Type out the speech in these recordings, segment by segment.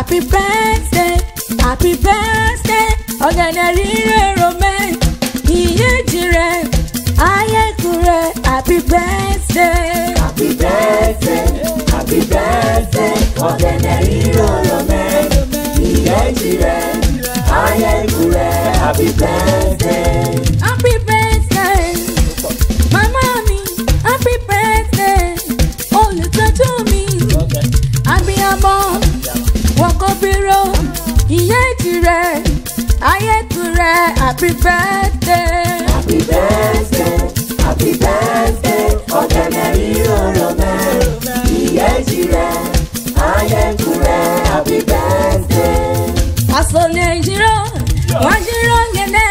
happy birthday happy birthday ọ̀gẹ̀dẹ̀ rírẹ̀ romaine ìyèjì rẹ̀ ayẹ́kù rẹ̀ happy birthday. happy birthday happy birthday ọ̀gẹ̀dẹ̀ rírẹ̀ romaine ìyèjì rẹ̀ ayẹ́kù rẹ̀ happy birthday. Ayétúnrẹ́ happy birthday. Happy birthday, happy birthday, Ọ̀tẹ̀mẹ̀rí òròmẹ́, ìyẹ́jìrẹ́, Ayétúnrẹ́ happy birthday. Àsọ̀nì ìjírò, wọ́n jírò gẹ̀dẹ̀,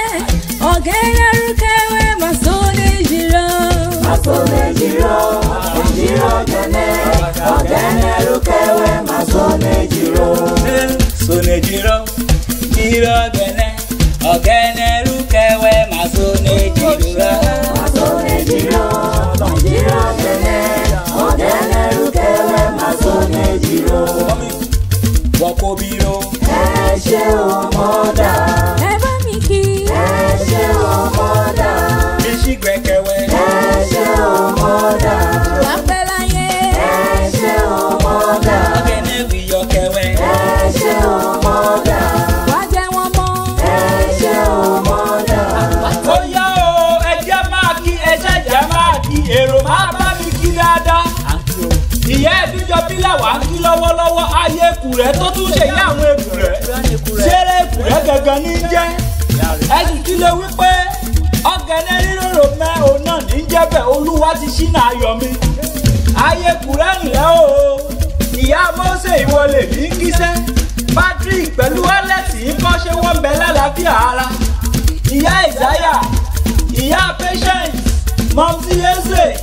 ọ̀gẹ̀rẹ̀ rúkẹ́wé màsọ̀nì ìjírò. Àsọ̀nì ìjírò, wọ́n jírò gẹ̀dẹ̀, ọ̀gẹ̀rẹ̀ rúkẹ́wé màsọ̀nì ìjírò. Sọ̀nì ìjírò jiri ogene ogene rukewe mazone jirura mazone jiro jiri ogene ogene rukewe mazone jiro wọ́pọ̀ bírò. ẹ ṣe ọmọdà. ẹ bá mi kí. ẹ ṣe ọmọdà. èsì gbẹ̀kẹ̀wẹ̀. èkùrẹ́ tó tún ṣe yá àwọn èkùrẹ́ ṣeré èkùrẹ́ gangan ní jẹ́ ẹ̀sùn tí lè wí pé ọ̀gẹ̀dẹ̀ ríròrò mẹ́ òun náà ní jẹ́bẹ̀ olúwa ti ṣínà ayọ̀ mi ayé kùrẹ́ ńlẹ́ o ìyá mọ́sẹ̀ ìwọlé mi ń kíṣẹ́ patrick pẹ̀lú alex ń kọ́ ṣé wọ́n bẹ lálàáfíà ara ìyá ìsáyà ìyá patience mọ́mí ẹ̀sẹ̀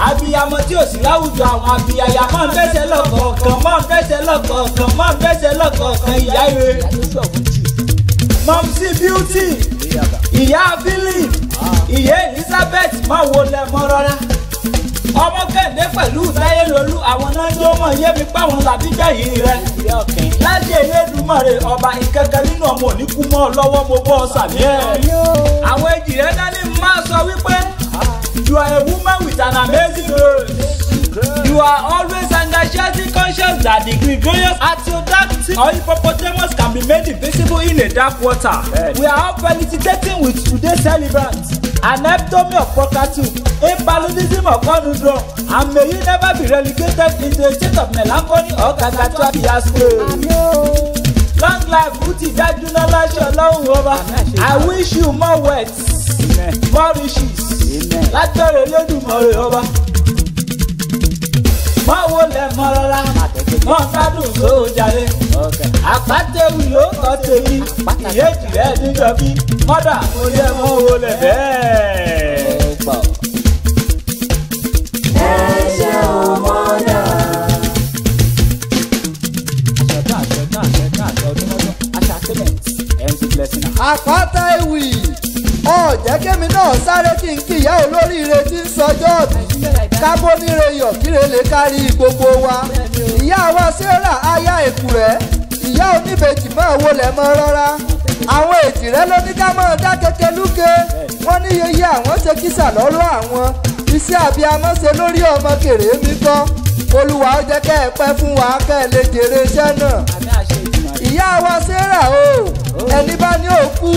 abiyamọ tí ò sí láwùjọ àwọn abiyaya máa ń fẹsẹ̀ lọ́kọ̀ọ̀kan máa ń fẹsẹ̀ lọ́kọ̀ọ̀kan máa ń fẹsẹ̀ lọ́kọ̀ọ̀kan ìyá ire. mọ̀mísí beauty ìyá abili ìyá elizabeth máa wo lẹ mọ́ rọ́rá. ọmọ kẹ́hìndé pẹ̀lú táyélólú àwọn náà tó mọ̀ yé mi páwọn làbíjà yìí rẹ. láti Elédùmarè ọba ìkẹkẹ nínú ọmọ òní kú mọ́ ọ lọ́wọ́ mo bọ́ ọ sàmì You are a woman with an amazing glory. You are always enthusiastic conscious that the gregarious artiodactyl or hippopotamus can be made invisible in a dark water. Yes. We are all felicitating with today's celebrants. An epitome of cockatoo, a paludism of conundrum, and may you never be relegated into a state of melancholy or caricature fiasco. Long life, Uti Dajuna Lasha Long Over. I wish you more words mọ́ríṣìs lágbèrè lẹ́dùnmọ́rè ọba. mọ́ wo lẹ̀ mọ́ rọra mọ́ gbádùn sóòjàre àpàtẹ́wì ló kọ́ tèmi ìyéjì rẹ̀ níjọbí mọ́dà kò yẹ mọ́ wo bẹ́ẹ̀. ẹ ṣe jẹ́ kémi náà sáré kí n kíyà olóríire tí ń sọjọ́ ọ̀bí kábóníre yọ̀ kírelè kárí gbogbo wa ìyá wa sarah aya èkùrẹ́ ìyá oníbejì máa wọlé mọ́ rárá àwọn ètìrẹ́ ló ní ká máa dá kékeré lúke wọ́n ní yeye àwọn ṣe kísà lọ́rọ̀ àwọn iṣẹ́ abiyamọ ṣe lórí ọmọ kèrè mi kọ́ olúwa ó jẹ́ kẹ́ ẹ pẹ́ fún wa kẹ́ ẹ lè jèrè iṣẹ́ náà ìyá wa sarah o ẹni bá ní òkú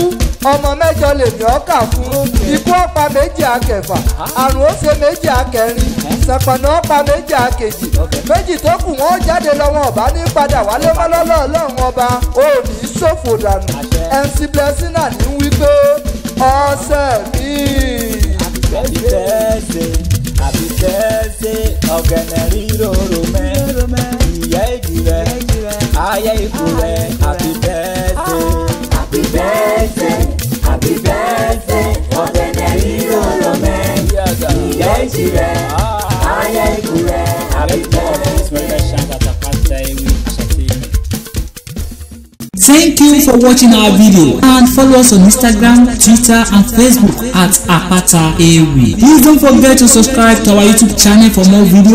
ọmọ mẹ́jọ lèmi ọkà fún ikú ọ̀pá méjì akẹfà àrùn ó ṣe méjì akẹrin ṣàpànà ọ̀pá méjì akejì méjì tó kù wọ́n jáde lọ́wọ́ ọ̀bá ní padà wálé mọ́lọ́lọ́ ọlọ́run ọba ò ní ṣòfò dànù MC Blessing náà ní wípé ọ̀sẹ̀ mi. àbí tẹ́sẹ̀ àbí tẹ́sẹ̀ ọ̀gẹ̀nẹ̀ rírò rò mẹ́rin. Thank you for watching our video and follow us on Instagram, Twitter and Facebook at Apata Ewi. Please don't forget to subscribe to our YouTube channel for more videos.